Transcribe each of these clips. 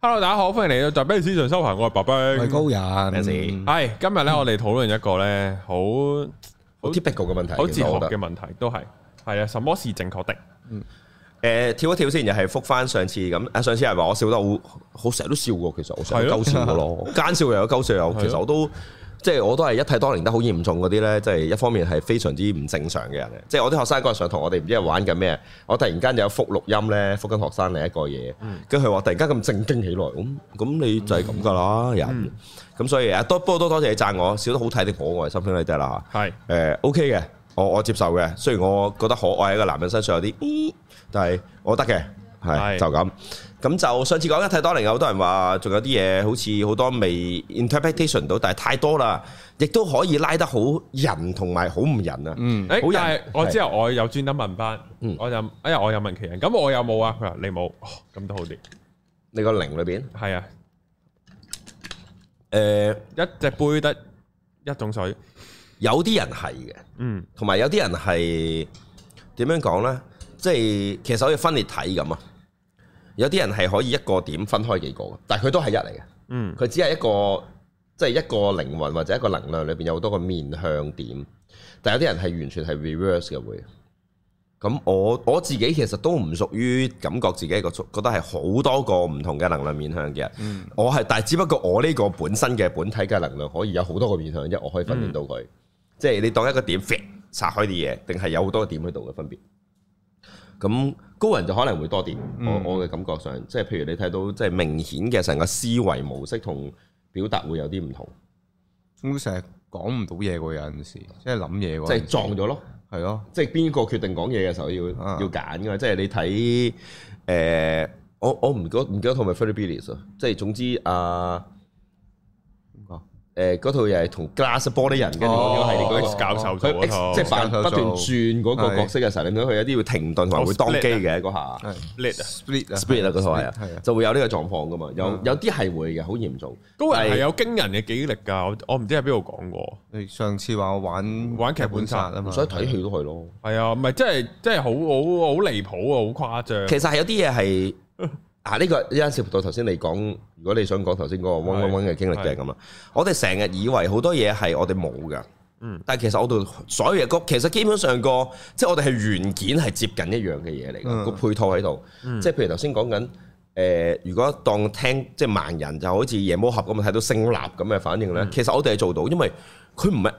hello，大家好，歡迎嚟到《在 Benz 上修行》，我係白兵，係高人，係今日咧，我哋討論一個咧，好好 typical 嘅問題，好哲學嘅問題，都係係啊，什麼是正確的？嗯，誒、呃，跳一跳先，又係复翻上次咁啊，上次係話我笑得好好成日都笑嘅，其實我係夠笑嘅咯，啊嗯、奸笑又有，夠笑又有，其實我都。即係我都係一睇多年得好嚴重嗰啲咧，即係一方面係非常之唔正常嘅人。即係我啲學生嗰日上堂，我哋唔知係玩緊咩，我突然間有覆錄音咧覆緊學生另一個嘢，跟住佢話突然間咁正經起來，咁咁你就係咁噶啦人。咁所以啊多，多多多謝你讚我，少得好睇啲可愛我心聲你哋啦嚇。係 OK 嘅，我我，是、呃 okay、我，我接受嘅。雖然我覺得可愛喺個男人身上有啲，但係我得嘅係就咁。咁就上次講得太多零，好多人話仲有啲嘢好似好多未 interpretation 到，但係太多啦，亦都可以拉得好人同埋好唔人啊。嗯，哎人，但係我之後我又專登問翻，嗯、我就哎呀，我又問其他人，咁我有冇啊？佢話你冇，咁、哦、都好啲。你個零裏邊係啊？誒、呃，一隻杯得一種水，有啲人係嘅，嗯，同埋有啲人係點樣講咧？即係其實可以分裂體咁啊。有啲人係可以一個點分開幾個，但係佢都係一嚟嘅。嗯，佢只係一個，即係一個靈魂或者一個能量裏邊有好多個面向點。但係有啲人係完全係 reverse 嘅會。咁我我自己其實都唔屬於，感覺自己一個覺得係好多個唔同嘅能量面向嘅，嗯、我係，但係只不過我呢個本身嘅本體嘅能量可以有好多個面向，一我可以分辨到佢。嗯、即係你當一個點劈拆開啲嘢，定係有好多點喺度嘅分別。咁。高人就可能會多啲、嗯，我我嘅感覺上，即係譬如你睇到即係明顯嘅成個思維模式同表達會有啲唔同。成日講唔到嘢喎，就是、有陣時即係諗嘢喎。即係撞咗咯，係咯了，即係邊個決定講嘢嘅時候要、啊、要揀㗎？即係你睇誒、呃，我我唔記得唔記得套咪《Freddy b l u e 即係總之啊。呃誒嗰套又係同 Glass 玻璃人，跟住講咗係個 X 教授做即係不斷轉嗰個角色嘅時候，你見到佢有啲會停頓，同埋會當機嘅一下 l e split split 啊嗰套係啊，就會有呢個狀況噶嘛，有有啲係會嘅，好嚴重。高人係有驚人嘅記憶力噶，我唔知喺邊度講過。你上次話玩玩劇本殺啊嘛，所以睇戲都係咯。係啊，唔係真係真係好好好離譜啊，好誇張。其實係有啲嘢係。啊！呢、呢個一間 studio 頭先你講，如果你想講頭先嗰個嗡嗡嗡嘅經歷嘅咁啊，我哋成日以為好多嘢係我哋冇噶，嗯，但係其實我哋所有個其實基本上個即係我哋係元件係接近一樣嘅嘢嚟嘅，嗯、個配套喺度，嗯、即係譬如頭先講緊誒，如果當聽即係盲人就好似夜魔俠咁樣，睇到升立咁嘅反應咧，嗯、其實我哋係做到，因為佢唔係，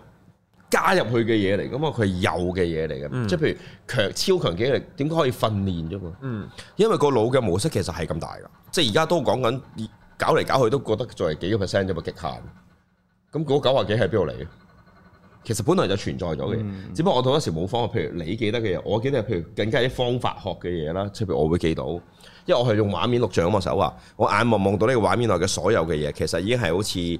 加入去嘅嘢嚟，咁啊佢係有嘅嘢嚟嘅，即係、嗯、譬如強超強記憶力，點解可以訓練啫嘛？嗯，因為個腦嘅模式其實係咁大噶，即係而家都講緊搞嚟搞去都覺得仲係幾個 percent 啫嘛極限。咁嗰九十幾係邊度嚟嘅？其實本來就存在咗嘅，嗯、只不過我同一時冇方法。譬如你記得嘅嘢，我記得，譬如更加啲方法學嘅嘢啦，即係譬如我會記到，因為我係用畫面錄像咁啊手畫，我眼望望到呢個畫面內嘅所有嘅嘢，其實已經係好似。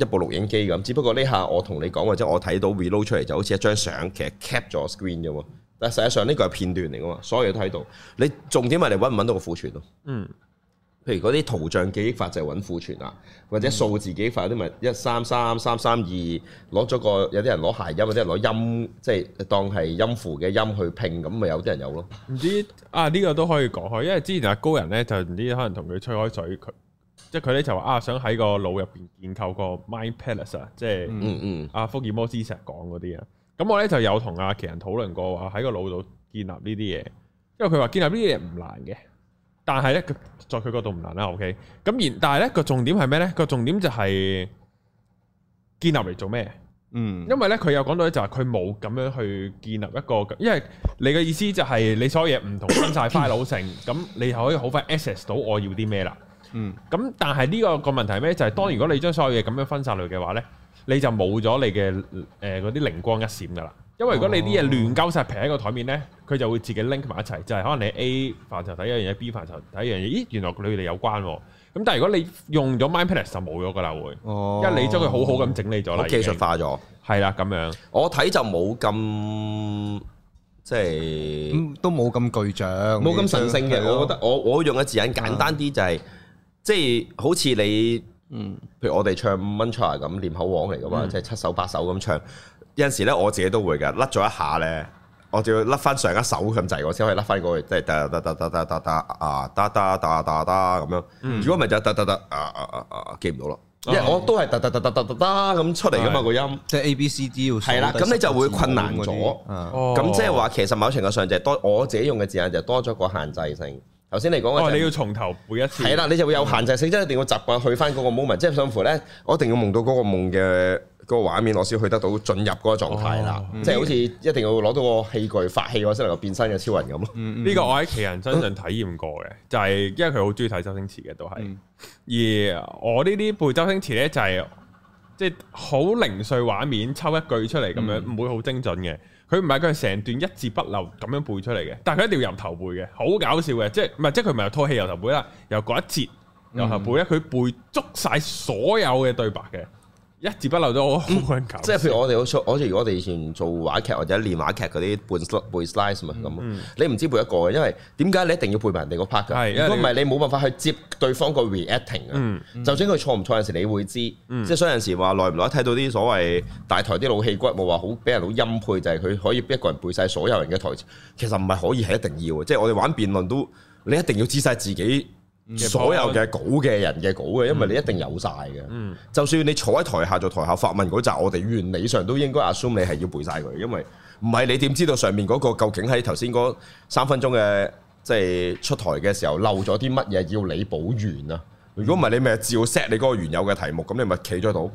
一部錄影機咁，只不過呢下我同你講，或者我睇到 reveal 出嚟就好似一張相，其實 cap 咗 screen 嘅喎，但係實際上呢個係片段嚟嘅嘛，所有嘢都喺度。你重點係你揾唔揾到個庫存咯？嗯，譬如嗰啲圖像記憶法就係揾庫存啊，或者數字記憶法嗰啲咪一三三三三二，攞咗個有啲人攞諧音，有啲人攞音，即係當係音符嘅音去拼，咁咪有啲人有咯。唔知啊，呢個都可以講開，因為之前阿高人咧就唔知可能同佢吹開水佢。即係佢咧就話啊，想喺個腦入邊建構個 mind palace 啊，即係阿福爾摩斯石講嗰啲啊。咁我咧就有同阿奇人討論過話喺個腦度建立呢啲嘢，因為佢話建立呢啲嘢唔難嘅，但係咧在佢角度唔難啦。OK，咁然，但係咧個重點係咩咧？個重點就係建立嚟做咩？嗯，因為咧佢有講到咧，就係佢冇咁樣去建立一個，因為你嘅意思就係你所有嘢唔同分晒塊腦成，咁 你就可以好快 access 到我要啲咩啦。嗯，咁但係呢個個問題係咩？就係當如果你將所有嘢咁樣分散落嘅話咧，你就冇咗你嘅誒嗰啲靈光一閃噶啦。因為如果你啲嘢亂鳩晒平喺個台面咧，佢就會自己 link 埋一齊，就係可能你 A 範疇睇一樣嘢，B 範疇睇一樣嘢，咦，原來佢哋有關。咁但係如果你用咗 Mind Palace 就冇咗噶啦會，因為你將佢好好咁整理咗啦，技術化咗，係啦咁樣。我睇就冇咁即係，都冇咁具象，冇咁神聖嘅。我覺得我我用嘅字眼簡單啲就係。即係好似你，嗯，譬如我哋唱 mantra 咁唸口簧嚟噶嘛，即係、嗯、七手八手咁唱。有陣時咧，我自己都會嘅，甩咗一下咧，我就要甩翻上一手咁滯，我先可以甩翻過去，即係得得得得得得啊，得得得得得咁樣。如果唔係就、啊、得得得」，啊啊啊記唔到啦，因為我都係得得得得得得」咁出嚟噶嘛 Yes. 個音，即係い A B C D 要係啦的，咁你就會困難咗。咁、啊哦哦、即係話其實某程度上就係多我自己用嘅字眼就多咗個限制性。限制限制性頭先嚟講，你要從頭背一次，係啦，你就會有限制性，嗯、即一定要習慣去翻嗰個 moment，即係，仿佛咧，我、哦嗯、一定要夢到嗰個夢嘅嗰個畫面，我先去得到進入嗰個狀態啦，即係好似一定要攞到個器具發氣，我先能夠變身嘅超人咁。呢、嗯嗯、個我喺奇人身上體驗過嘅，嗯、就係因為佢好中意睇周星馳嘅，都係。嗯、而我呢啲背周星馳咧、就是，就係即係好零碎畫面，抽一句出嚟咁樣，唔、嗯、會好精準嘅。佢唔係，佢係成段一字不漏咁樣背出嚟嘅，但係佢一定要由頭背嘅，好搞笑嘅，即係唔係，即係佢唔係由套戲由頭背啦，由嗰一節由頭背一，佢、嗯、背足晒所有嘅對白嘅。一字不漏都好難搞、嗯，即係譬如我哋好似，好似如果我哋以前做話劇或者練話劇嗰啲背 slide 嘛咁，你唔知背一個嘅，因為點解你一定要背埋人哋個 part 嘅？如果唔係你冇辦法去接對方個 reacting 啊、嗯。嗯、就算佢錯唔錯，有時你會知。嗯、即係所以有陣時話耐唔耐睇到啲所謂大台啲老戲骨冇話好，俾人好欽佩就係、是、佢可以一個人背晒所有人嘅台詞，其實唔係可以係一定要嘅。即係我哋玩辯論都，你一定要知晒自己。所有嘅稿嘅人嘅稿嘅，因為你一定有晒嘅。嗯，就算你坐喺台下，做台下發問嗰集，我哋原理上都應該 assume 你係要背晒佢，因為唔係你點知道上面嗰個，究竟喺頭先嗰三分鐘嘅即係出台嘅時候漏咗啲乜嘢要你補完啊？如果唔係，你咪照 set 你嗰個原有嘅題目，咁你咪企咗度，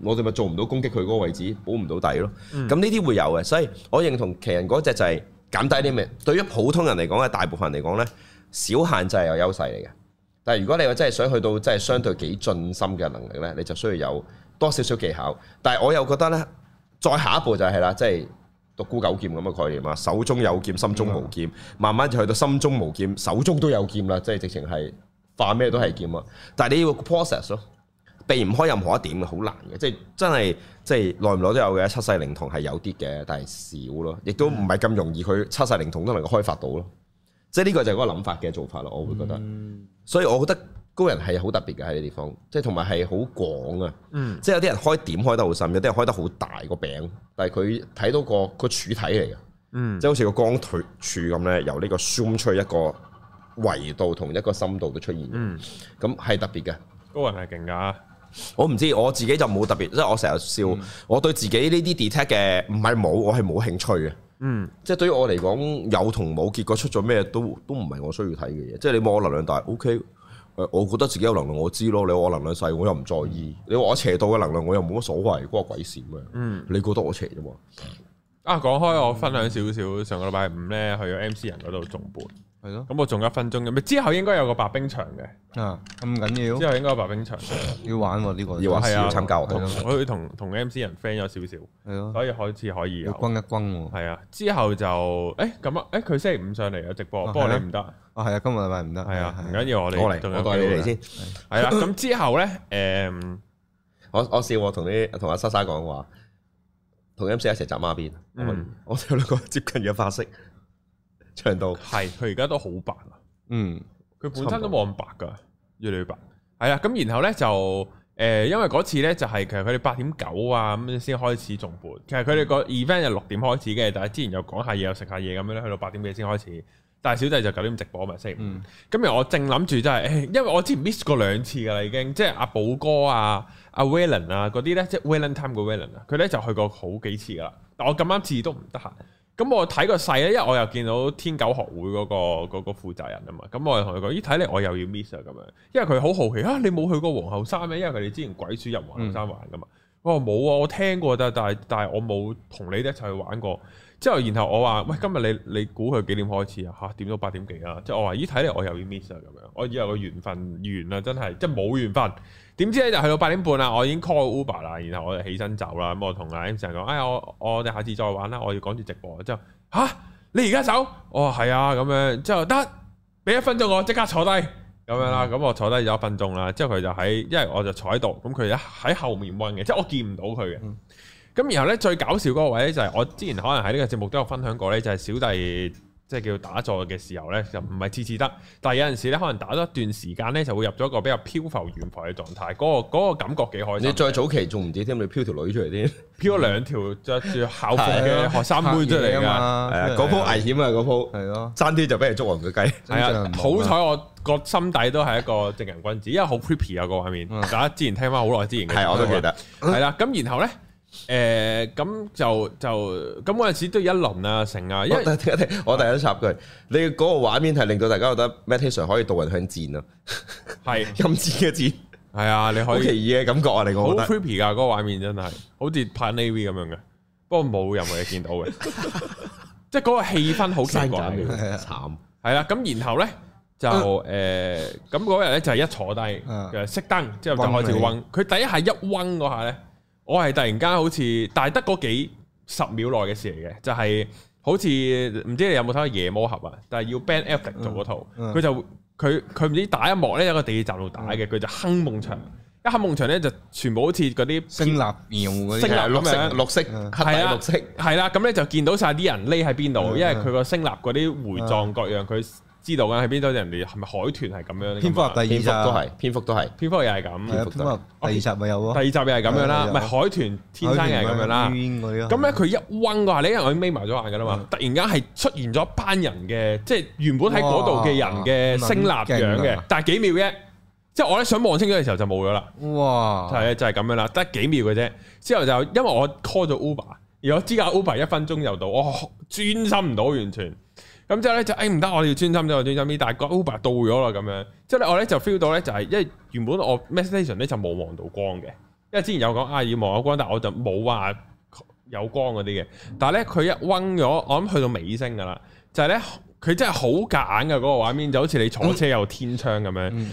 我哋咪做唔到攻擊佢嗰個位置，補唔到底咯。咁呢啲會有嘅，所以我認同高人嗰隻就係減低啲咩。對於普通人嚟講，嘅，大部分人嚟講咧，小限制係有優勢嚟嘅。但係如果你話真係想去到真係相對幾盡心嘅能力呢，你就需要有多少少技巧。但係我又覺得呢，再下一步就係啦，即係獨孤九劍咁嘅概念啊，手中有劍，心中無劍，慢慢就去到心中無劍，手中都有劍啦，即係直情係化咩都係劍啊。但係你要個 process 咯，避唔開任何一點嘅，好難嘅，即係真係即係耐唔耐都有嘅七世靈童係有啲嘅，但係少咯，亦都唔係咁容易去七世靈童都能夠開發到咯。即係呢個就係嗰個諗法嘅做法咯，我會覺得，嗯、所以我覺得高人係好特別嘅喺呢地方，即係同埋係好廣啊，嗯、即係有啲人開點開得好深，有啲人開得好大個餅，但係佢睇到個個柱體嚟嘅，即係、嗯、好似個光腿柱咁咧，由呢個 zoom 出一個圍度同一個深度都出現，咁係、嗯、特別嘅。高人係勁噶，我唔知，我自己就冇特別，即係我成日笑，嗯、我對自己呢啲 detect 嘅唔係冇，我係冇興趣嘅。嗯，即係對於我嚟講，有同冇結果出咗咩都都唔係我需要睇嘅嘢。即係你望我能量大，O K，誒，OK, 我覺得自己有能量，我知咯。你話我能量細，我又唔在意。你話我邪到嘅能量，我又冇乜所謂，關我鬼事咩？嗯，你覺得我邪啫嘛？嗯、啊，講開我分享少少，上個禮拜五咧去咗 M C 人嗰度重盤。係咯，咁我仲有一分鐘嘅，之後應該有個白兵場嘅，啊咁緊要。之後應該有白兵場，要玩喎呢個，要玩少少參加下咯。同同 M C 人 friend 咗少少，所以開始可以。要轟一轟，係啊，之後就誒咁啊，誒佢星期五上嚟有直播，不過你唔得，哦，係啊，今日禮拜唔得，係啊，唔緊要，我嚟，我帶你嚟先，係啦，咁之後咧，誒，我我笑我同啲同阿莎莎講話，同 M C 一齊紮孖辮，我哋兩個接近嘅髮式。長度係，佢而家都好白啊！嗯，佢本身都冇咁白㗎，嗯、越嚟越白。係啊，咁然後咧就誒、呃，因為嗰次咧就係其實佢哋八點九啊咁先開始重播，其實佢哋個 event 係六點開始嘅，但係之前又講下嘢又食下嘢咁樣咧，去到八點幾先開始。但係小弟就九點直播咪先。今、就、日、是嗯、我正諗住真係，因為我之前 miss 過兩次㗎啦，已經即係阿寶哥啊、阿 Willen 啊嗰啲咧，即係 Willen time 嗰 Willen 啊，佢咧、就是、就去過好幾次㗎啦。但我咁啱次都唔得閒。咁我睇個勢咧，因為我又見到天狗學會嗰、嗰個嗰、嗰個負責人啊嘛，咁我同佢講，咦，睇嚟我又要 miss 啊咁樣。因為佢好好奇啊，你冇去過皇后山咩？因為佢哋之前鬼鼠入皇后山玩噶嘛，嗯、我話冇啊，我聽過但係但係我冇同你哋一齊去玩過。之後，然後我話：喂，今日你你估佢幾點開始啊？嚇，點到八點幾啊、就是？即係我話：咦，睇嚟我又要 miss 啊！咁樣，我以為個緣分完啦，真係即係冇緣分。點知咧就去到八點半啦，我已經 call Uber 啦，然後我就起身走啦。咁、嗯、我同阿 M 成講：哎，我我哋下次再玩啦，我要趕住直播。之後吓、啊，你而家走？哦，話、嗯、係、嗯嗯、啊，咁樣之後得俾一分鐘我即刻坐低咁樣啦。咁、嗯、我坐低有一分鐘啦。之後佢就喺，因為我就坐喺度，咁佢喺喺後面 run 嘅，即係我見唔到佢嘅。嗯咁然後咧最搞笑嗰個位咧就係我之前可能喺呢個節目都有分享過咧，就係小弟即係叫打坐嘅時候咧，就唔係次次得，但係有陣時咧可能打咗一段時間咧，就會入咗一個比較漂浮懸浮嘅狀態，嗰個嗰個感覺幾開心。你再早期仲唔止添，你飄條女出嚟添，飄咗兩條着住校服嘅學生妹出嚟啊嘛，嗰鋪危險啊嗰鋪，係咯，爭啲就俾人捉黃腳雞。係啊，啊我啊好彩我個心底都係一個正人君子，因為好 creepy 啊個畫面。大家之前聽翻好耐之前嘅，我都記得。係啦、嗯，咁、嗯啊、然後咧。 誒，咁、呃、就就咁嗰陣時都一輪啊，成啊，因為我第一插句，的你嗰個畫面係令到大家覺得 Matthew 可以渡人向戰啊，係陰戰嘅戰，係啊，你可以。好奇異嘅感覺啊，你我好 creepy 噶，嗰、那個畫面真係，好似拍 a v 咁樣嘅，不過冇任何嘢見到嘅，即係嗰個氣氛好奇怪，慘係啦，咁然後咧就誒，咁嗰日咧就係一坐低，熄燈之後就開始溫，佢第一下一溫嗰下咧。我係突然間好似，但係得嗰幾十秒內嘅事嚟嘅，就係、是、好似唔知你有冇睇過《夜魔俠》啊？但係要 Ben Affleck 做嗰套，佢、嗯、就佢佢唔知打一幕咧，有個地鐵站度打嘅，佢就坑夢牆，一坑夢牆咧就全部好似嗰啲聲納描嗰啲綠色，綠色係啊，綠色係啦，咁咧、啊啊啊啊、就見到晒啲人匿喺邊度，嗯、因為佢個聲納嗰啲回狀各樣佢。嗯嗯知道㗎，係邊度人哋係咪海豚係咁樣？蝙蝠第二都係，蝙蝠都係，蝙蝠又係咁。蝙蝠都係。第二集咪有咯。第二集又係咁樣啦，咪海豚天生又係咁樣啦。咁咧佢一彎嘅話，呢人佢眯埋咗眼㗎啦嘛。突然間係出現咗班人嘅，即係原本喺嗰度嘅人嘅升立樣嘅，但係幾秒啫。即係我咧想望清楚嘅時候就冇咗啦。哇！係啊，就係咁樣啦，得幾秒嘅啫。之後就因為我 call 咗 Uber，如果知架 Uber 一分鐘又到，我專心唔到完全。咁之後咧就誒唔得，我哋要專心咗，我要專心啲。但係個 Uber 到咗啦，咁樣之後咧我咧就 feel 到咧就係、是、因為原本我 meditation 咧就冇望到光嘅，因為之前有講啊要望到光，但係我就冇話有，有光嗰啲嘅。但係咧佢一嗡咗，我諗去到尾聲噶啦，就係咧佢真係好夾硬嘅嗰、那個畫面，就好似你坐車有天窗咁樣，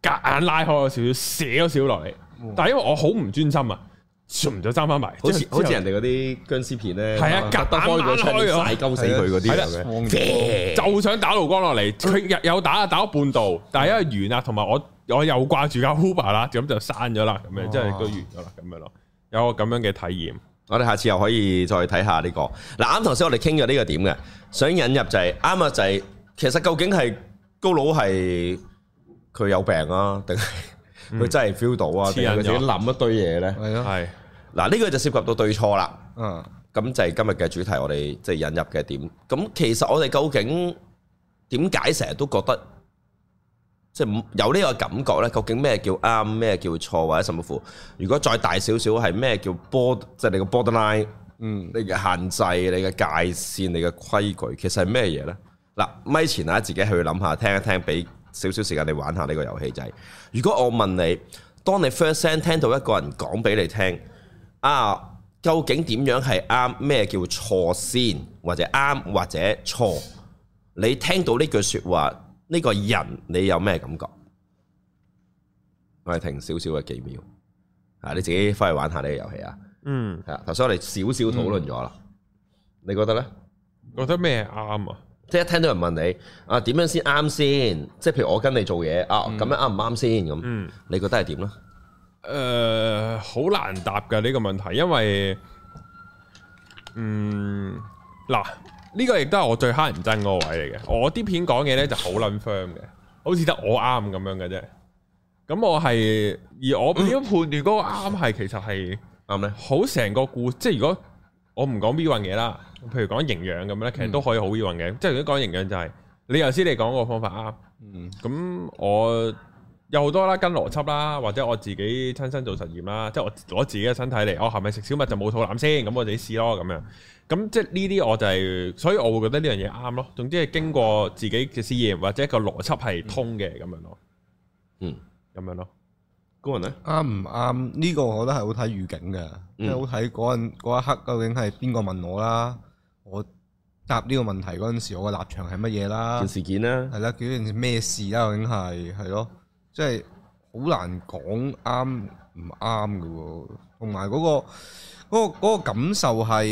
夾、嗯、硬拉開有少少射咗少少落嚟。但係因為我好唔專心啊！順咗爭翻埋，好似好似人哋嗰啲僵屍片咧，係啊，隔得開咗晒鳩死佢嗰啲，就想打怒光落嚟。佢又又打啊，打咗半度，但係因為完啦，同埋我我又掛住阿架 Uber 啦，咁就刪咗啦，咁樣即係都完咗啦，咁樣咯。有個咁樣嘅體驗，我哋下次又可以再睇下呢個。嗱，啱頭先我哋傾咗呢個點嘅，想引入就係啱啊，就係其實究竟係高佬係佢有病啊，定係？佢真係 feel 到啊！定佢自己諗一堆嘢咧。係咯，係。嗱呢個就涉及到對錯啦。嗯。咁就係今日嘅主題，我哋即係引入嘅點。咁其實我哋究竟點解成日都覺得即係、就是、有呢個感覺咧？究竟咩叫啱，咩叫錯或者甚麼乎？如果再大少少係咩叫 border，即係你個 borderline，嗯，你嘅限制、你嘅界線、你嘅規矩，其實係咩嘢咧？嗱，咪前啊，自己去諗下，聽一聽，俾。少少時間，你玩下呢個遊戲仔。就係、如果我問你，當你 first 聽到一個人講俾你聽，啊，究竟點樣係啱？咩叫錯先，或者啱，或者錯？你聽到呢句説話，呢、呢個人你有咩感覺？我哋停少少嘅幾秒，啊，你自己翻去玩下呢個遊戲啊。嗯，係啦。頭先我哋少少討論咗啦，嗯、你覺得呢？覺得咩啱啊？即係一聽到人問你啊，點樣先啱先？即係譬如我跟你做嘢，嗯、啊，咁樣啱唔啱先咁？你覺得係點咧？誒、呃，好難答㗎呢、這個問題，因為，嗯，嗱，呢、這個亦都係我最乞人憎個位嚟嘅。我啲片講嘢咧就好卵 firm 嘅，好似得我啱咁樣嘅啫。咁我係而我點樣判斷嗰個啱係？嗯、其實係啱咧，嗯、好成個故，即係如果。我唔講 B 運嘢啦，譬如講營養咁咧，其實都可以好 B 運嘅，嗯、即係如果講營養就係、是、你頭先你講個方法啱，嗯，咁我有好多啦，跟邏輯啦，或者我自己親身做實驗啦，即係我攞自己嘅身體嚟，我係咪食小麥就冇肚腩先？咁我哋試咯咁樣，咁即係呢啲我就係、是，所以我會覺得呢樣嘢啱咯。總之係經過自己嘅試驗或者個邏輯係通嘅咁、嗯、樣咯，嗯，咁樣咯。啱唔啱？呢個我覺得係好睇預警嘅，即係、嗯、好睇嗰一刻究竟係邊個問我啦？我答呢個問題嗰陣時，我嘅立場係乜嘢啦？件事件啦，係啦，件咩事啦？究竟係係咯，即係好難講啱唔啱嘅喎。同埋嗰個嗰個嗰個感受係，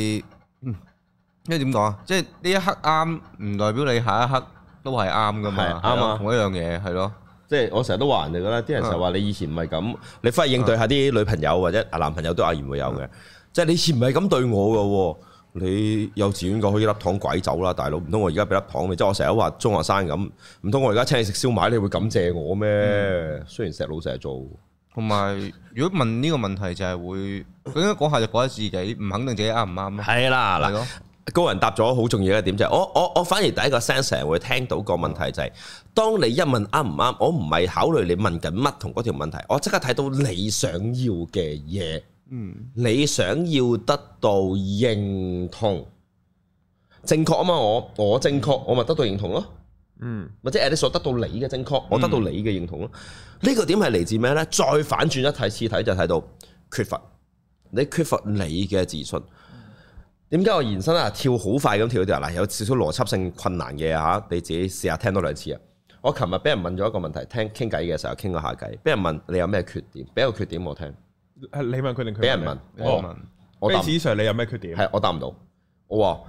即係點講啊？即係呢一刻啱，唔代表你下一刻都係啱噶嘛？啱啊，同一樣嘢係咯。即係我成日都話人哋嘅啦，啲人成日話你以前唔係咁，你翻去應對下啲女朋友或者男朋友都阿言會有嘅。嗯、即係你以前唔係咁對我嘅，你幼稚園個開一粒糖拐走啦，大佬唔通我而家俾粒糖你？即係我成日話中學生咁，唔通我而家請你食燒賣，你會感謝我咩？嗯、雖然石佬成日做。同埋如果問呢個問題就係、係、會，咁樣講下就講下自己，唔肯定自己啱唔啱咯。係啦了，係個人答咗好重要嘅一點就係，我我我反而第一個 sense 會聽到個問題就係，當你一問啱唔啱，我唔係考慮你問緊乜同嗰條問題，我即刻睇到你想要嘅嘢，嗯，你想要得到認同，正確啊嘛，我我正確，我咪得到認同咯，嗯，或者 a l 所得到你嘅正確，我得到你嘅認同咯，呢、嗯、個點係嚟自咩呢？再反轉一睇次睇就睇到缺乏，你缺乏你嘅自信。點解我延伸啊跳好快咁跳咗掉？嗱，有少少邏輯性困難嘅吓，你自己試下聽多兩次啊！我琴日俾人問咗一個問題，聽傾偈嘅時候傾個下偈，俾人問你有咩缺點？俾個缺點我聽。你問佢定佢？俾人問，俾人問。Based on 你有咩缺點？係我答唔到。我話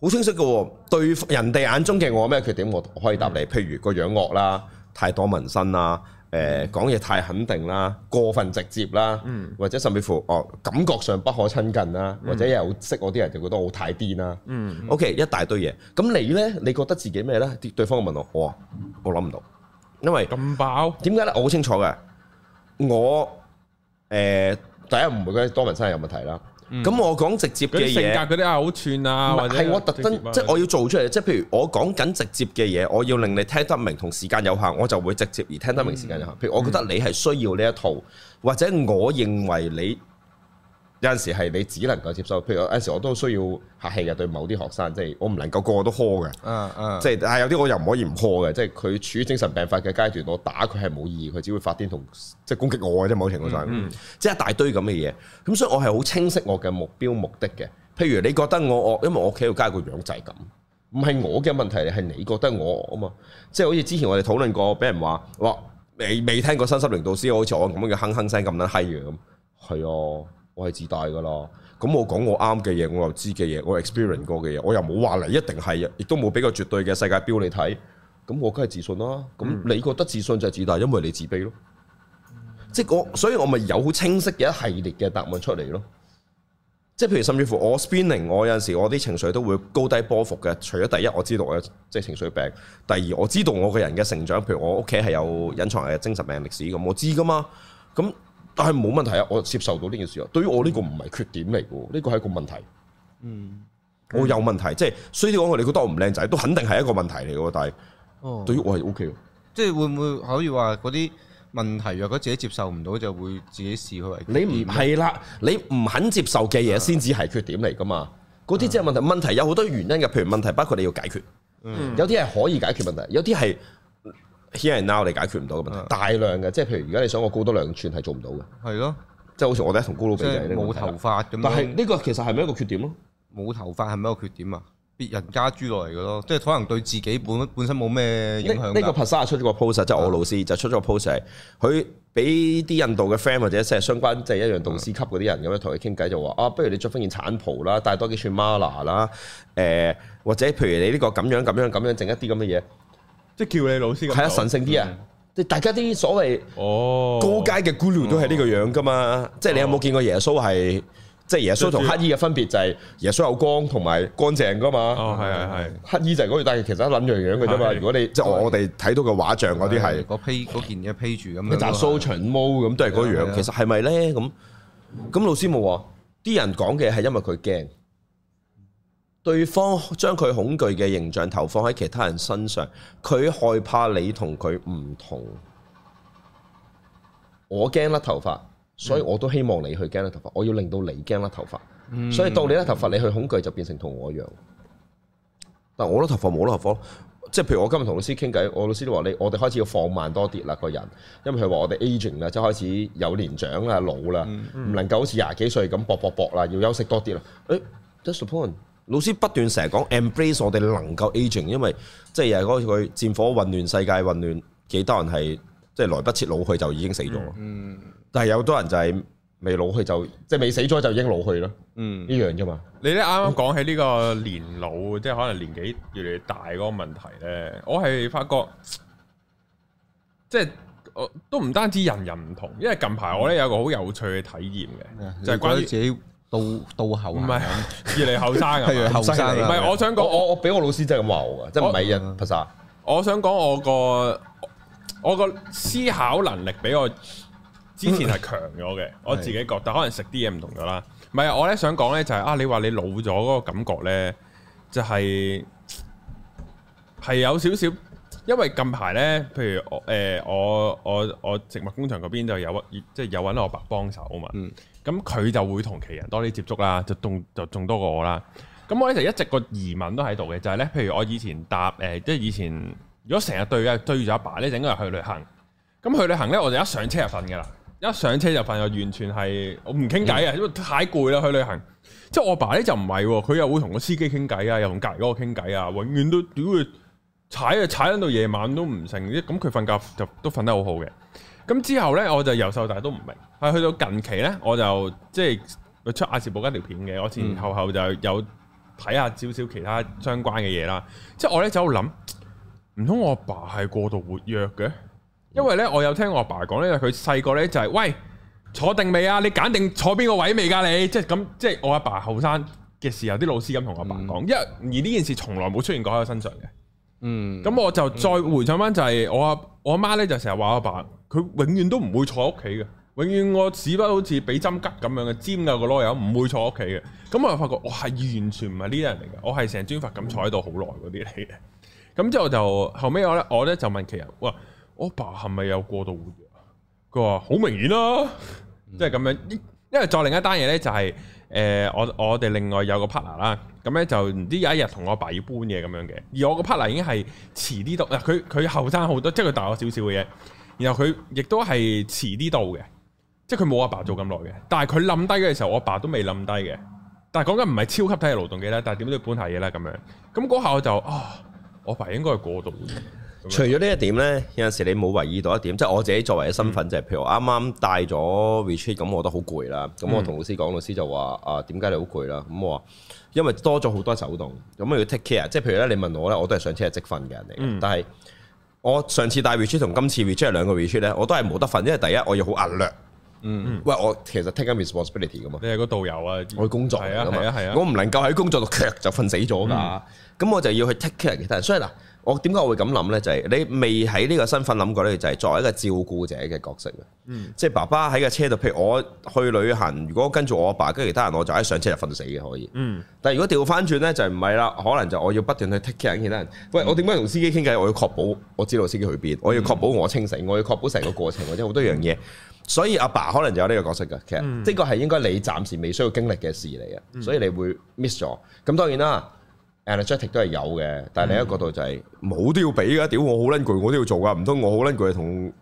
好清晰嘅，對人哋眼中嘅我有咩缺點，我可以答你。嗯、譬如個樣惡啦，太多紋身啦。誒講嘢太肯定啦，過分直接啦，嗯、或者甚至乎哦感覺上不可親近啦，嗯、或者有識我啲人就覺得我太癲啦。嗯，嗯，OK 一大堆嘢。咁你咧，你覺得自己咩咧？對方問我，我我諗唔到，因為咁爆。點解咧？我好清楚嘅，我誒第一唔會覺得多文身有問題啦。咁、嗯、我講直接嘅嘢，性格嗰啲好串啊，唔係、啊，係是者我特登，即係、啊、我要做出嚟，即、就、係、是、譬如我講緊直接嘅嘢，我要令你聽得明同時間有限，我就會直接而聽得明時間有限。嗯、譬如我覺得你係需要呢一套，嗯、或者我認為你。有陣時係你只能夠接受，譬如有陣時我都需要客氣嘅對某啲學生，即係我唔能夠個個都苛嘅、啊啊，即係有啲我又唔可以唔苛嘅，即係佢處於精神病發嘅階段，我打佢係冇意義，佢只會發癲同即係攻擊我嘅啫，某程度上，嗯嗯、即係一大堆咁嘅嘢，咁所以我係好清晰我嘅目標目的嘅。譬如你覺得我因為我企喺個街個樣仔咁，唔係我嘅問題，係你覺得我惡啊嘛，即係好似之前我哋討論過，俾人話哇你未未聽過新心靈導師，好似我咁樣嘅哼哼聲咁撚閪嘅咁，係哦。我係自大噶啦，咁我講我啱嘅嘢，我又知嘅嘢，我 experience 過嘅嘢，我又冇話你一定係，亦都冇俾個絕對嘅世界標你睇，咁我梗係自信啦。咁你覺得自信就係自大，因為你自卑咯。即係我，所以我咪有好清晰嘅一系列嘅答案出嚟咯。即係譬如甚至乎我 spinning，我有陣時我啲情緒都會高低波幅嘅。除咗第一，我知道我有即係情緒病；第二，我知道我個人嘅成長，譬如我屋企係有隱藏嘅精神病歷史咁，我知噶嘛。咁但係冇問題啊，我接受到呢件事啊。對於我呢個唔係缺點嚟嘅，呢個係一個問題。嗯，我有問題，即係雖然講我哋覺得我唔靚仔，都肯定係一個問題嚟嘅。但係，對於我係 OK。嗯，即係會唔會可以話嗰啲問題，若果自己接受唔到，就會自己試佢嚟。你唔係啦，你唔肯接受嘅嘢先至係缺點嚟噶嘛？嗰啲即係問題，問題有好多原因嘅。譬如問題，包括你要解決。嗯，有啲係可以解決問題，有啲係。Here n o w 你解決唔到嘅問題，大量嘅，即係譬如如果你想我高多兩寸係做唔到嘅。係咯，即係好似我哋係同高佬比嘅。即冇頭髮咁。但係呢個其實係咪一個缺點咯？冇頭髮係咪一個缺點啊？別人家落嚟嘅咯，即係可能對自己本本身冇咩影響，呢個 p a r s o n 出咗個 pose，t r 即係我老師就出咗個 pose t r 佢俾啲印度嘅 friend 或者即係相關即係、就是、一樣導師級嗰啲人咁樣同佢傾偈，就話啊，不如你着翻件產袍啦，戴多幾串 mala 啦、呃，誒或者譬如你呢、這個咁樣咁樣咁樣整一啲咁嘅嘢。即係叫你老師睇下神聖啲啊！即係、嗯、大家啲所謂高階嘅 guru 都係呢個樣噶嘛。哦、即係你有冇見過耶穌係？即、就、係、是、耶穌同乞衣嘅分別就係耶穌有光同埋乾淨噶嘛。哦，係係係。乞衣就係嗰樣，但係其實都兩樣樣嘅啫嘛。的如果你即係我哋睇到嘅畫像嗰啲係嗰披件嘢披住咁，扎鬚長毛咁都係嗰樣。其實係咪咧？咁咁老師冇話啲人講嘅係因為佢驚。對方將佢恐懼嘅形象投放喺其他人身上，佢害怕你同佢唔同。我驚甩頭髮，所以我都希望你去驚甩頭髮。我要令到你驚甩頭髮，所以到你甩頭髮，你去恐懼就變成同我一樣。但我甩頭髮冇甩頭髮，即係譬如我今日同老師傾偈，我老師都話你，我哋開始要放慢多啲啦，個人，因為佢話我哋 aging 啦，即係開始有年長啦、老啦，唔能夠好似廿幾歲咁搏搏搏啦，要休息多啲啦。誒、欸老師不斷成日講 embrace 我哋能夠 aging，因為即係又係嗰句戰火混亂世界混亂，幾多人係即係來不切老去就已經死咗、嗯。嗯，但係有多人就係未老去就即係、就是、未死咗就已經老去咯。嗯，樣呢樣啫嘛。你咧啱啱講起呢個年老，即係、嗯、可能年紀越嚟越大嗰個問題咧，我係發覺即係、就是、我都唔單止人人唔同，因為近排我咧有個好有趣嘅體驗嘅，就係、是、關於、嗯嗯、自己。到都後唔係而嚟後生啊，後生唔係我想講我我俾我，我老師真係咁話我噶，即係唔係因我想講我個我個思考能力比我之前係強咗嘅， 我自己覺得但可能食啲嘢唔同咗啦。唔係我咧想講咧就係、是、啊，你話你老咗嗰個感覺咧、就是，就係係有少少。因為近排咧，譬如我誒、呃、我我我植物工場嗰邊就有揾，即、就、係、是、有揾我爸幫手啊嘛。咁佢、嗯、就會同其他人多啲接觸啦，就仲就仲多過我啦。咁我咧就一直個疑問都喺度嘅，就係、是、咧，譬如我以前搭誒，即、呃、係、就是、以前如果成日對啊對住阿爸咧，整個去旅行。咁去旅行咧，我就一上車就瞓㗎喇。一上車就瞓，又完全係我唔傾偈啊，嗯、因為太攰啦。去旅行，即係我爸咧就唔係，佢又會同個司機傾偈啊，又同隔籬嗰個傾偈啊，永遠都會。踩就踩，到夜晚都唔成。咁佢瞓覺就都瞓得好好嘅。咁之後呢，我就由細到大都唔明。係去到近期呢，我就即係出亞視播緊條片嘅，我前前後後就有睇下少少其他相關嘅嘢啦。即係我呢，就諗，唔通我阿爸係過度活躍嘅？因為呢，我有聽我阿爸講呢，佢細個呢就係、是、喂坐定未啊？你揀定坐邊個位未㗎你？即係咁，即係我阿爸後生嘅時候，啲老師咁同我阿爸講，嗯、因為而呢件事從來冇出現過喺我身上嘅。嗯，咁我就再回想翻就係我阿、嗯、我阿媽咧就成日話我阿爸，佢永遠都唔會坐屋企嘅，永遠我屎忽好似俾針吉咁樣嘅尖嘅個囉柚，唔會坐屋企嘅。咁我就發覺我係完全唔係呢啲人嚟嘅，我係成尊佛咁坐喺度好耐嗰啲嚟嘅。咁之後就後尾我咧我咧就問其人，喂，我阿爸係咪有過度活躍？佢話好明顯啦、啊，即係咁樣。因為再另一單嘢咧就係、是。誒、呃，我我哋另外有個 partner 啦，咁咧就唔知有一日同我阿爸要搬嘢咁樣嘅，而我個 partner 已經係遲啲到，嗱佢佢後生好多，即係佢大我少少嘅嘢，然後佢亦都係遲啲到嘅，即係佢冇阿爸做咁耐嘅，但係佢冧低嘅時候，我阿爸都未冧低嘅，但係講緊唔係超級體力勞動嘅啦，但係點都要搬下嘢啦咁樣，咁嗰下我就啊、哦，我阿爸應該係過度。除咗呢一點咧，有陣時你冇留意到一點，即係我自己作為嘅身份就係，譬如啱啱帶咗 retreat，咁我覺得好攰啦。咁我同老師講，老師就話：啊，點解你好攰啦？咁我話因為多咗好多手動，咁我要 take care。即係譬如咧，你問我咧，我都係上車即瞓嘅人嚟。但係我上次帶 retreat 同今次 retreat 兩個 retreat 咧，我都係冇得瞓，因為第一我要好 alert。嗯嗯。喂，我其實 take responsibility 噶嘛。你係個導遊啊？我工作啊嘛。係啊係啊。我唔能夠喺工作度就瞓死咗㗎，咁我就要去 take care 其他人。但係所以嗱。我點解會咁諗呢？就係、是、你未喺呢個身份諗過呢，就係、是、作為一個照顧者嘅角色、嗯、即係爸爸喺個車度。譬如我去旅行，如果跟住我阿爸跟其他人，我就喺上車就瞓死嘅可以。嗯、但係如果調翻轉呢，就唔係啦。可能就我要不斷去 take care 其他人。喂，嗯、我點解同司機傾偈？我要確保我知道司機去邊，嗯、我要確保我清醒，我要確保成個過程或者好多樣嘢。所以阿爸，爸可能就有呢個角色嘅。其實呢個係應該你暫時未需要經歷嘅事嚟嘅，所以你會 miss 咗。咁當然啦。Energetic 都係有嘅，但係另一個角度就係、是、冇、嗯、都要俾噶，屌，我好撚攰，我都要做噶，唔通我好撚攰同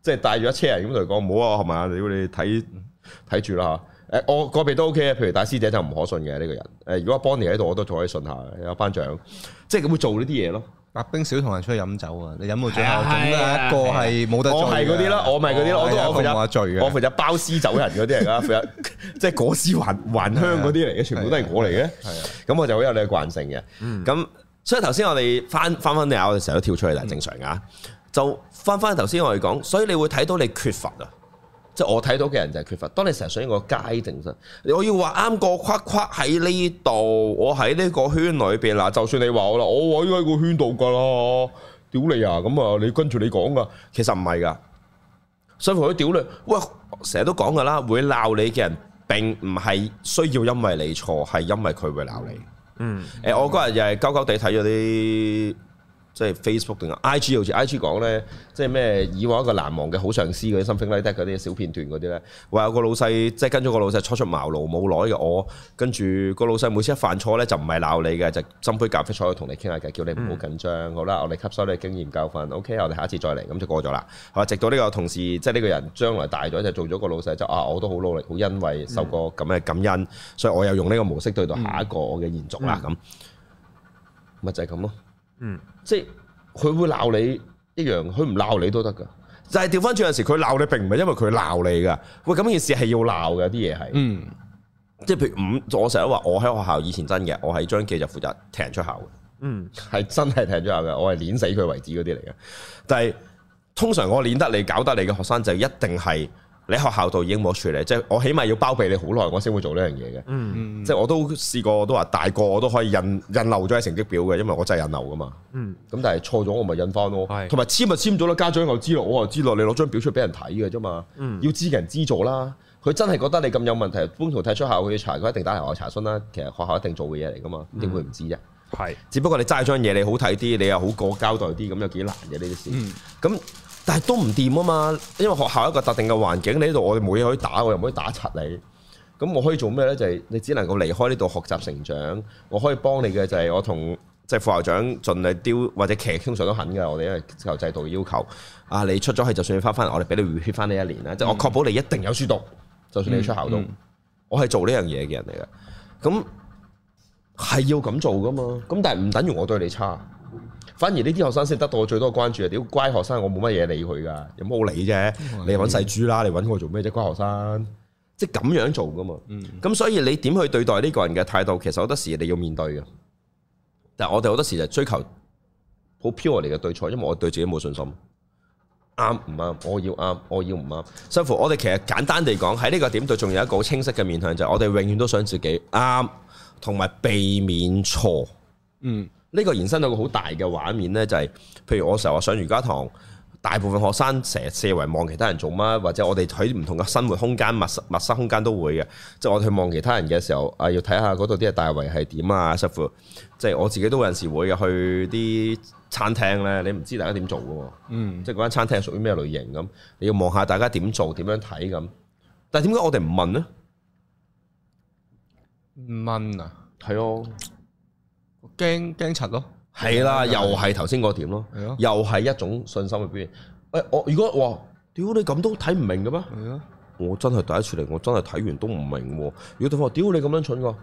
即係帶住一車人咁同佢講唔好啊係咪啊？屌、啊、你睇睇住啦嚇，誒我個別都 OK 嘅，譬如大師姐就唔可信嘅呢、這個人，誒如果阿 Bonnie 喺度我都仲可以信下，有班長即係咁會做呢啲嘢咯。白兵少同人出去飲酒啊！你飲到最後，是啊、嗯？總有一個係冇得醉，我啲咯，我咪嗰啲咯，我都我負責醉嘅，我負責包屍走人嗰啲嚟噶，負即係裹屍還還香嗰啲嚟嘅，全部都係我嚟嘅。係啊，咁我就好有你嘅慣性嘅。咁所以頭先我哋翻翻翻嚟，我哋成日都跳出嚟，係正常噶。就翻翻頭先我哋講，所以你會睇到你缺乏啊。即係我睇到嘅人就係缺乏。當你成日想一個界定身，我要話啱個框框喺呢度，我喺呢個圈裏邊啦。就算你話我啦，我依家喺個圈度噶啦，屌你啊！咁啊，你跟住你講噶，其實唔係噶，所以佢屌你，喂！成日都講噶啦，會鬧你嘅人，並唔係需要因為你錯，係因為佢會鬧你。嗯。誒、欸、嗯、我嗰日又係鳩鳩地睇咗啲。即係 Facebook 定 IG 好似 IG 講呢，即係咩以往一個難忘嘅好上司嗰啲 something like that 嗰啲小片段嗰啲呢？話有個老細即係跟咗個老細初出茅廬冇耐嘅我，跟住個老細每次一犯錯呢，就唔係鬧你嘅，就斟杯咖啡坐去同你傾下偈，叫你唔好緊張，嗯、好啦，我哋吸收你經驗教訓，OK，我哋下一次再嚟，咁就過咗啦。好啦，直到呢個同事即係呢個人將來大咗就做咗個老細，就啊我都好努力，好欣慰，受過咁嘅感恩，嗯、所以我又用呢個模式對待下一個我嘅延續啦，咁咪就係咁咯。嗯，即係佢會鬧你一樣，佢唔鬧你都得噶。就係掉返轉有時佢鬧你，並唔係因為佢鬧你噶。喂，咁件事係要鬧嘅，啲嘢係。嗯，即係譬如五，我成日話我喺學校以前真嘅，我喺張記就負責踢出校嘅。嗯，係真係踢出校嘅，我係碾死佢為止嗰啲嚟嘅。但係通常我碾得你、搞得你嘅學生就一定係。你喺學校度已經冇處理，即係我起碼要包庇你好耐，我先會做呢樣嘢嘅。嗯嗯。即係我都試過，我都話大個我都可以印印漏咗喺成績表嘅，因為我真係印漏噶嘛。嗯。咁但係錯咗我咪印翻咯。同埋簽咪簽咗啦。家長又知咯，我又知咯，你攞張表出嚟俾人睇嘅啫嘛。嗯。要知嘅人知咗啦，佢真係覺得你咁有問題，中途睇出校，佢查佢一定打嚟我查詢啦。其實學校一定做嘅嘢嚟噶嘛，點會唔知啫？係。只不過你齋張嘢你好睇啲，你又好過交代啲，咁有幾難嘅呢啲事。咁。嗯。嗯但係都唔掂啊嘛，因為學校一個特定嘅環境，你呢度我哋冇嘢可以打，我又唔可以打柒你。咁我可以做咩呢？就係、是、你只能夠離開呢度學習成長。我可以幫你嘅就係我同即係副校長盡力丟或者騎，通常都肯嘅。我哋因為校制度要求，啊你出咗去就算翻翻嚟，我哋俾你血回血翻你一年啦。即係、嗯、我確保你一定有書讀，就算你出校都，嗯嗯、我係做呢樣嘢嘅人嚟嘅。咁係要咁做噶嘛？咁但係唔等於我對你差。反而呢啲學生先得到我最多嘅關注啊！屌乖學生，我冇乜嘢理佢噶，有冇理啫？你揾細豬啦，你揾我做咩啫？乖學生，即係咁樣做噶嘛。咁、嗯、所以你點去對待呢個人嘅態度，其實好多時你要面對嘅。但係我哋好多時就追求好 u l l 我哋嘅對錯，因為我對自己冇信心。啱唔啱？我要啱，我要唔啱。甚乎我哋其實簡單地講，喺呢個點對，仲有一個清晰嘅面向，就係、是、我哋永遠都想自己啱，同埋避免錯。嗯。呢個延伸到個好大嘅畫面呢，就係譬如我成日話上瑜伽堂，大部分學生成日四圍望其他人做乜，或者我哋喺唔同嘅生活空間、密室、密室空間都會嘅，即係我哋望其他人嘅時候，啊要睇下嗰度啲嘅大圍係點啊，甚至乎即係我自己都有陣時會去啲餐廳呢，你唔知大家點做㗎喎，嗯，即係嗰間餐廳係屬於咩類型咁，你要望下大家點做、點樣睇咁。但係點解我哋唔問呢？唔問啊？睇哦。驚驚賊咯係啦，啊啊、又係頭先嗰點咯啊、又係一種信心嘅表現。誒、哎，我如果哇，屌你咁都睇唔明嘅咩？啊？我真係第一次嚟，我真係睇完都唔明。如果對方屌你咁樣蠢㗎，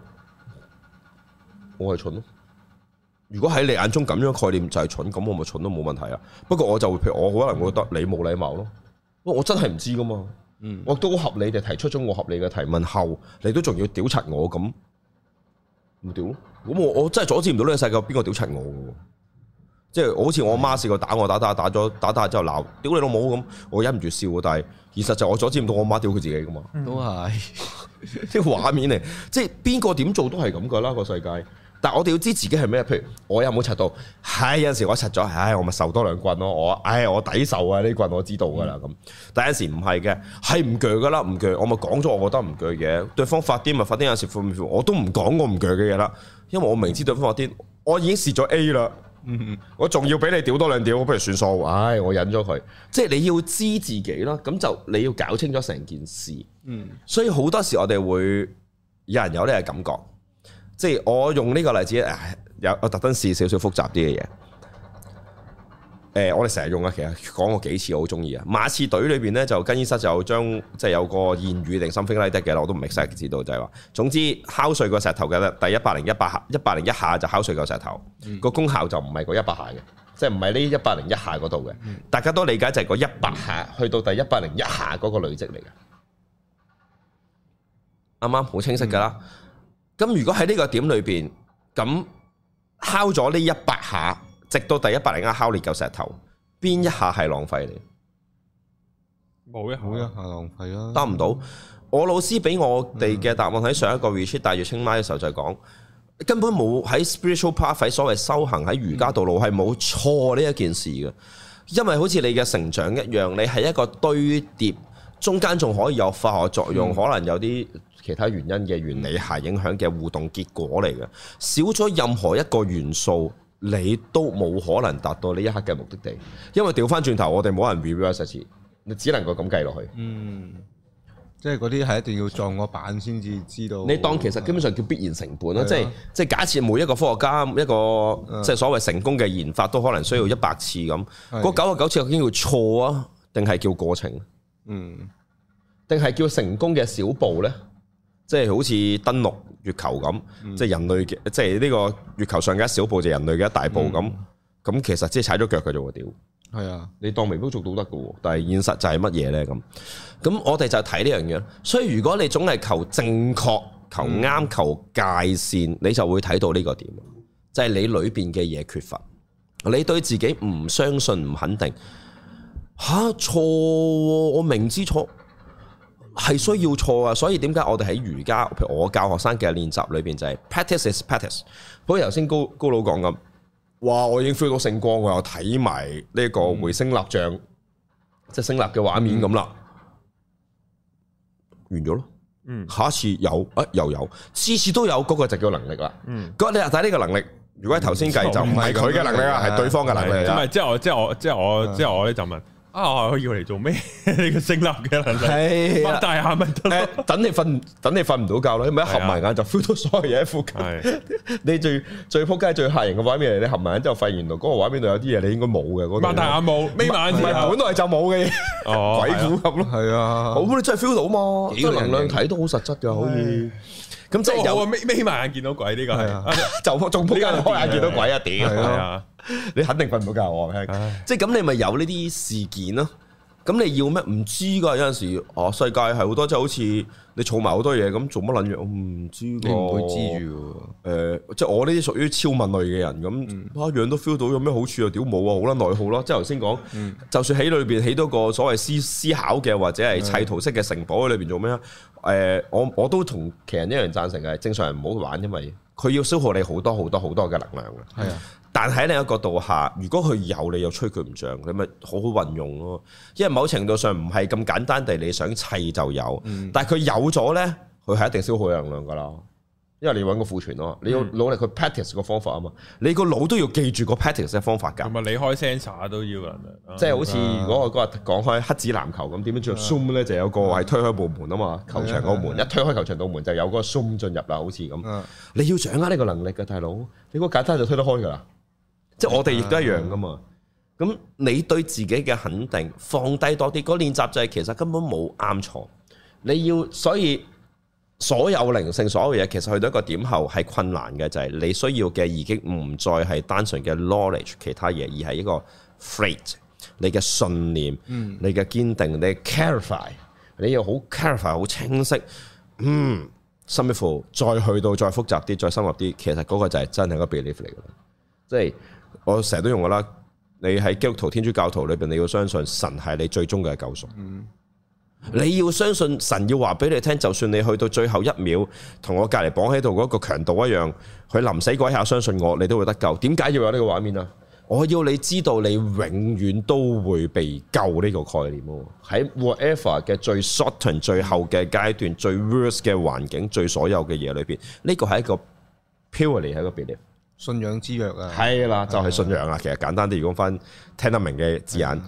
我係蠢咯。如果喺你眼中咁樣概念就係蠢，咁我咪蠢都冇問題啊。不過我就譬如我可能覺得你冇禮貌咯。我真係唔知噶嘛。嗯、我都好合理地提出咗我合理嘅提問後，你都仲要屌柒我咁，唔屌。咁我我真係阻止唔到呢個世界，邊個屌柒我嘅？即係我好似我阿媽試過打我，打打打咗，打打，打，打之後鬧，屌你老母咁，我忍唔住笑，但係現實就我阻止唔到我阿媽屌佢自己噶嘛。都係、嗯， 畫 即係畫面嚟，即係邊個點做都係咁噶啦個世界。但我哋要知自己係咩，譬如我有冇擦到，係有陣時我擦咗，唉，我咪受多兩棍咯，我，唉，我抵受啊，呢棍我知道噶啦咁。嗯、但係有陣時唔係嘅，係唔鋸噶啦，唔鋸，我咪講咗，我覺得唔鋸嘅。對方發癲咪發癲，有陣時唔附，我都唔講我唔鋸嘅嘢啦，因為我明知對方發癲，我已經蝕咗 A 啦，嗯、我仲要俾你屌多兩屌，我不如算數，唉，我忍咗佢。即係你要知自己啦，咁就你要搞清楚成件事，嗯，所以好多時我哋會有人有呢個感覺。即係我用呢個例子，有我特登試少少複雜啲嘅嘢。誒、呃，我哋成日用啊，其實講過幾次，我好中意啊。馬刺隊裏邊咧，就更衣室就將即係有個諺語定 something like that 嘅，我都唔明曬個字度，就係、是、話總之敲碎個石頭嘅咧，第一百零一百下、一百零一下就敲碎個石頭。個、嗯、功效就唔係個一百下嘅，即係唔係呢一百零一下嗰度嘅。嗯、大家都理解就係個一百下去到第一百零一下嗰個累積嚟嘅。啱啱好清晰噶啦。嗯嗯咁如果喺呢個點裏邊，咁敲咗呢一百下，直到第一百零一敲裂嚿石頭，邊一下係浪費嚟？冇一下、啊，一下浪費啦，得唔到？我老師俾我哋嘅答案喺上一個 retreat 大月清邁嘅時候就講，根本冇喺 spiritual path 所謂修行喺瑜伽道路係冇錯呢一件事嘅，因為好似你嘅成長一樣，你係一個堆疊。中間仲可以有化學作用，嗯、可能有啲其他原因嘅原理下影響嘅互動結果嚟嘅。嗯、少咗任何一個元素，你都冇可能達到呢一刻嘅目的地。因為調翻轉頭，我哋冇人 reverse 一次，你只能夠咁計落去。嗯，即係嗰啲係一定要撞個板先至知道。你當其實基本上叫必然成本啦，即係即係假設每一個科學家一個即係所謂成功嘅研發都可能需要一百次咁，嗰九十九次究竟叫錯啊，定係叫過程？嗯，定係叫成功嘅小步呢？即係好似登陸月球咁，嗯，即係人類嘅，即係呢個月球上嘅一小步就人類嘅一大步咁。咁，嗯、其實即係踩咗腳佢就會屌。係啊，你當微波做得到得嘅，但係現實就係乜嘢呢？咁，咁我哋就睇呢樣嘢。所以如果你總係求正確、求啱、求界線，你就會睇到呢個點，即係你裏邊嘅嘢缺乏，你對自己唔相信、唔肯定。吓錯、啊啊，我明知錯係需要錯啊，所以點解我哋喺瑜伽，譬如我教學生嘅練習裏邊就係 pract practice practice。好似頭先高高佬講咁，哇我已經 feel 到聖光，我又睇埋呢個回星立像，即係升立嘅畫面咁啦，完咗咯。嗯，下一次有啊，又有，次次都有，嗰、嗰個就叫能力啦。嗯，咁你睇呢個能力，如果頭先計就唔係佢嘅能力啊，係對方嘅能力。唔係，嗯、即係我，即係我，即係我，即係我咧就問。嗯啊！我要嚟做咩？呢個升男嘅男仔，擘大眼咪得咯。等你瞓，等你瞓唔到覺咯。一咪合埋眼就 feel 到所有嘢喺附近。你最最扑街、最吓人嘅畫面係你合埋眼之後發現到，嗰個畫面度有啲嘢你應該冇嘅。擘大眼冇，眯埋唔係本嚟就冇嘅。哦，鬼斧咁咯，係啊。咁你真係 feel 到嘛？啲能量睇到好實質嘅，可以。咁即係有眯眯埋眼見到鬼呢個係，就扑仲扑街開眼見到鬼啊點，係啊！你肯定瞓唔到覺，是是即係咁，你咪有呢啲事件咯。咁你要咩？唔知噶。有陣時，哦、啊，世界係好多，就好似你儲埋好多嘢咁，做乜捻樣？我唔知。你唔會知住？誒、呃，即係我呢啲屬於超文類嘅人咁，一、啊、樣都 feel 到有咩好處啊？屌冇啊！好啦，內耗咯。即係頭先講，就算喺裏邊起多個所謂思思考嘅或者係砌圖式嘅城堡喺裏邊做咩咧？誒、呃，我我都同其他人一樣贊成嘅，正常人唔好玩，因為佢要消耗你好多好多好多嘅能量係啊。但喺另一個角度下，如果佢有你又吹佢唔上，你咪好好運用咯。因為某程度上唔係咁簡單地你想砌就有，但係佢有咗咧，佢係一定消耗能量噶啦。因為你揾個庫存咯，你要努力去 practice 個方法啊嘛。你個腦都要記住個 practice 嘅方法㗎。同埋你開 sensor 都要啊，即係好似如果我嗰日講開黑子籃球咁，點樣做 zoom 咧？就有個位推開部門啊嘛，球場個門一推開球場度門就有個 zoom 進入啦，好似咁。你要掌握呢個能力㗎，大佬，你嗰個簡單就推得開㗎啦。即我哋亦都一樣噶嘛，咁、啊嗯、你對自己嘅肯定放低多啲，嗰個練習就係其實根本冇啱錯。你要所以所有靈性所有嘢，其實去到一個點後係困難嘅，就係、是、你需要嘅已經唔再係單純嘅 knowledge 其他嘢，而係一個 faith 你嘅信念，嗯、你嘅堅定，你嘅 clarify 你要好 clarify 好清晰，嗯，甚至乎再去到再複雜啲，再深入啲，其實嗰個就係真係個 belief 嚟嘅，即係。我成日都用噶啦，你喺基督徒、天主教徒裏邊，你要相信神係你最終嘅救贖。嗯、你要相信神要話俾你聽，就算你去到最後一秒，同我隔籬綁喺度嗰一個強盜一樣，佢臨死嗰一下相信我，你都會得救。點解要有呢個畫面啊？我要你知道，你永遠都會被救呢個概念喎。喺 whatever 嘅最 shorten，最後嘅階段，最 worse 嘅環境，最所有嘅嘢裏邊，呢個係一個 purely 喺個 b 信仰之約啊，係啦了，了就係信仰啦。了其實簡單啲，如果分聽得明嘅字眼，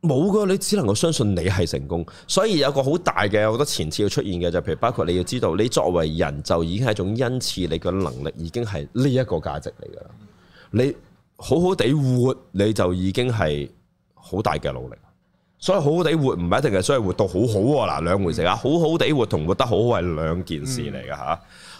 冇噶，你只能夠相信你係成功。所以有個好大嘅好多前兆出現嘅，就譬如包括你要知道，你作為人就已經係一種恩賜，你嘅能力已經係呢一個價值嚟噶。你好好地活，你就已經係好大嘅努力。所以好好地活唔係一定係，所以活到好好嗱兩回事啊。好好地活同活得好，兩，嗯、好好係兩件事嚟噶吓。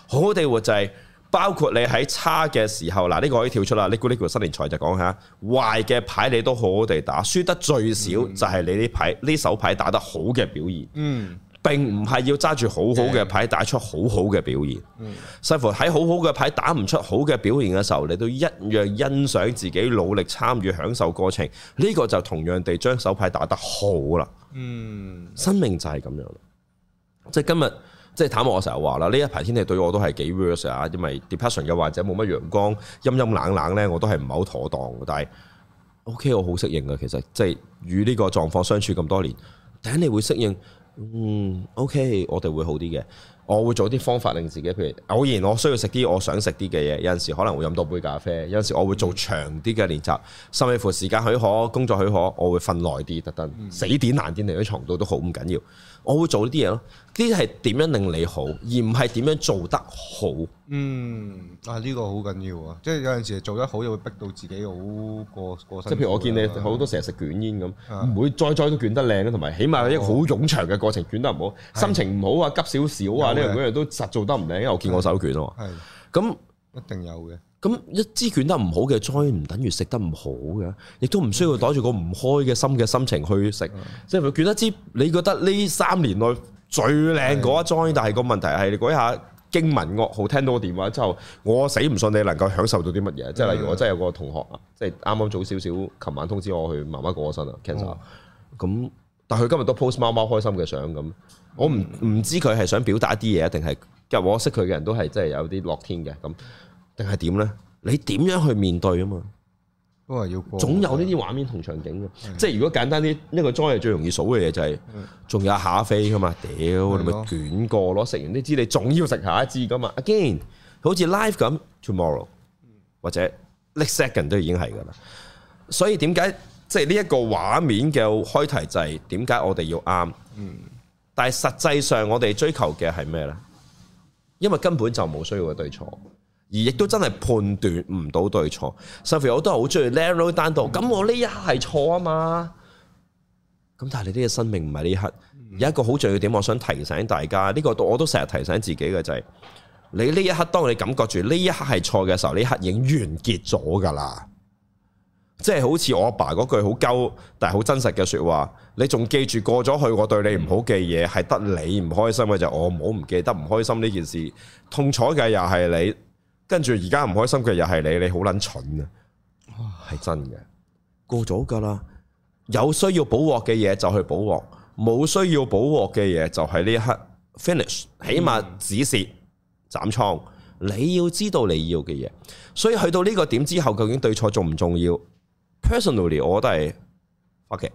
好好地活就係、是。包括你喺差嘅時候，嗱、這、呢個可以跳出啦！呢個呢個新年財就講下，壞嘅牌你都好好地打，輸得最少就係你呢牌呢手牌打得好嘅表現。嗯，並唔係要揸住好好嘅牌打出好好嘅表現。嗯，甚至乎喺好好嘅牌打唔出好嘅表現嘅時候，你都一樣欣賞自己努力、參與、享受過程。呢、這個就同樣地將手牌打得好啦。嗯，生命就係咁樣啦。即係今日。即係坦白我，我成日話啦，呢一排天氣對我都係幾 worse 啊，因為 depression 又或者冇乜陽光，陰陰冷冷咧，我都係唔係好妥當。但係 OK，我好適應嘅，其實即係、就是、與呢個狀況相處咁多年，第一你會適應，嗯 OK，我哋會好啲嘅。我會做啲方法令自己，譬如偶然我需要食啲我想食啲嘅嘢，有陣時可能會飲多杯咖啡，有陣時我會做長啲嘅練習，甚至乎時間許可、工作許可，我會瞓耐啲，特登、嗯、死點難點嚟喺床度都好唔緊要。我會做呢啲嘢咯，啲係點樣令你好，而唔係點樣做得好。嗯，啊呢、呢個好緊要啊，即係有陣時做得好又會逼到自己好過過身、啊、即係譬如我見你好多成日食卷煙咁，唔是的 會再再都捲得靚，同埋起碼係一個好冗長嘅過程，捲得唔好，是的 心情唔好啊，急少少啊，呢樣嗰樣都實做得唔靚。因為我見過手捲啊嘛。係。咁一定有嘅。咁一支捲得唔好嘅 join 唔等於食得唔好嘅，亦都唔需要袋住個唔開嘅心嘅心情去食。即係佢捲一支，你覺得呢三年內最靚嗰一 join，但係個問題係，你嗰一下驚聞噩耗，聽到個電話之後，我死唔信你能夠享受到啲乜嘢。嗯、即係例如我真係有個同學，即係啱啱早少少，琴晚通知我去媽媽過身啊 cancer 咁，但係佢今日都 post 貓貓開心嘅相咁，我唔唔知佢係想表達一啲嘢，定係即係我識佢嘅人都係真係有啲樂天嘅咁。定係點咧？你點樣去面對啊？嘛，都係要總有呢啲畫面同場景嘅。的即係如果簡單啲，呢個 joy 係最容易數嘅嘢就係、是，仲的有下一飛噶嘛？屌你咪捲過咯，食的完呢支你仲要食下一支噶嘛？Again，好似 life 咁，tomorrow 或者 next second 都已經係噶啦。所以點解即係呢一個畫面嘅開題就係點解我哋要啱？嗯，但係實際上我哋追求嘅係咩咧？因為根本就冇需要嘅對錯。而亦都真係判斷唔到對錯，甚至我都好中意 level 單獨。咁我呢一刻係錯啊嘛？咁但係你呢個生命唔係呢一刻，有一個好重要點，我想提醒大家。呢、這個我都成日提醒自己嘅就係、是，你呢一刻當你感覺住呢一刻係錯嘅時候，呢一刻已經完結咗噶啦。即係好似我阿爸嗰句好鳩但係好真實嘅說話，你仲記住過咗去我對你唔好嘅嘢，係得你唔開心嘅就我唔好唔記得唔開心呢件事，痛楚嘅又係你。跟住而家唔開心嘅又係你，你好撚蠢啊，係真嘅，過咗噶啦。有需要補鑊嘅嘢就去補鑊，冇需要補鑊嘅嘢就喺呢一刻 finish，起碼止蝕斬倉。你要知道你要嘅嘢，所以去到呢個點之後，究竟對錯重唔重要？Personally，我覺得係，OK。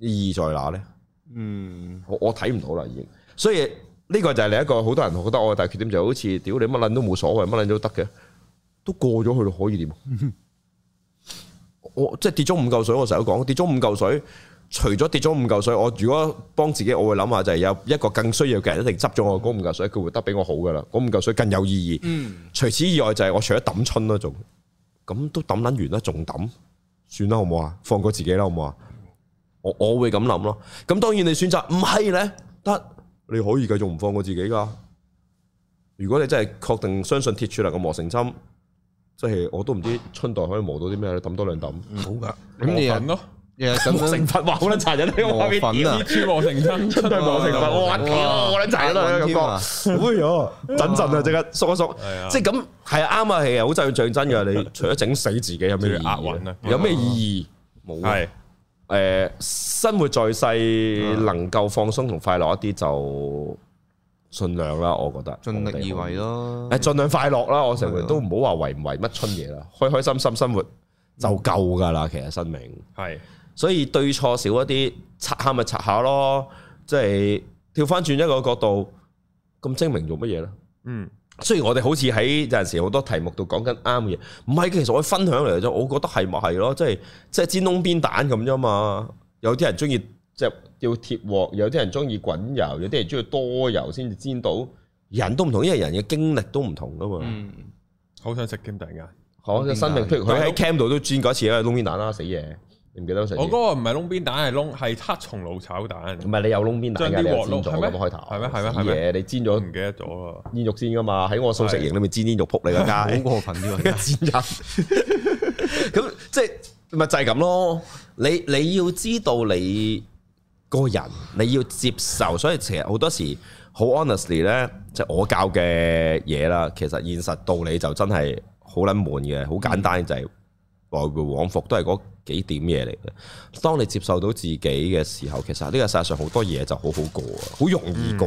意義在哪呢？嗯，我我睇唔到啦，已經，所以。呢個就係另一個好多人覺得我嘅大缺點，就好似屌你乜捻都冇所謂，乜捻都得嘅，都過咗去咯，可以點？嗯、我即係跌咗五嚿水，我成日都講跌咗五嚿水，除咗跌咗五嚿水，我如果幫自己，我會諗下就係有一個更需要嘅人，一定執咗我嗰、嗯、五嚿水，佢會得比我好噶啦，嗰五嚿水更有意義。嗯、除此以外就係我除咗抌春啦，仲咁都抌捻完啦，仲抌，算啦好唔好啊？放過自己啦好唔好啊？我我會咁諗咯，咁當然你選擇唔係咧得。你可以繼續唔放過自己噶。如果你真係確定相信鐵柱能夠磨成針，即係我都唔知春代可以磨到啲咩你抌多兩抌。好噶，咁你又咯，人啊、yeah, 成佛哇！好撚殘忍啲畫面，鐵柱磨成針，春代磨成佛哇！屌，好撚殘忍啊！咁啊出，哎呀，等陣啊，即刻縮一縮，即係咁係啱啊，係啊，好就要像真㗎。你除咗整死自己，有咩意 壓韻啊？有咩意義？冇啊。誒、呃，生活在世、嗯、能夠放鬆同快樂一啲就盡量啦，我覺得盡力而為咯。誒，盡量快樂啦，的我成日都唔好話為唔為乜春嘢啦，開的開心心生活就夠噶啦。其實生命係，的所以對錯少一啲，拆下咪拆下咯。即係跳翻轉一個角度，咁精明做乜嘢咧？嗯。雖然我哋好似喺有陣時好多題目度講緊啱嘅嘢，唔係其實我分享嚟咗，我覺得係咪係咯？即係即係煎窿邊蛋咁啫嘛。有啲人中意即係要鐵鑊，有啲人中意滾油，有啲人中意多油先至煎到。人都唔同，因為人嘅經歷都唔同噶嘛。嗯，好想食煎蛋啊！好、哦，即係生命，譬如佢喺 camp 度都煎過一次啦，窿邊蛋啦，死嘢。唔記得我嗰個唔係燶邊蛋，係燶，係黑松露炒蛋。唔係你有燶邊蛋，將啲鑊燶咗開頭，啲嘢係咩你煎咗唔記得咗啊！煙肉煎噶嘛，喺我素食營裏面煎煙肉撲你個街，的好過分啲喎！煎人咁即係咪就係咁咯？你你要知道你個人，你要接受，所以其實好多時好 honestly 咧，即係、就是、我教嘅嘢啦。其實現實道理就真係好撚悶嘅，好簡單就係。嗯來回往復都係嗰幾點嘢嚟嘅。當你接受到自己嘅時候，其實呢個世界上好多嘢就好好過，好容易過，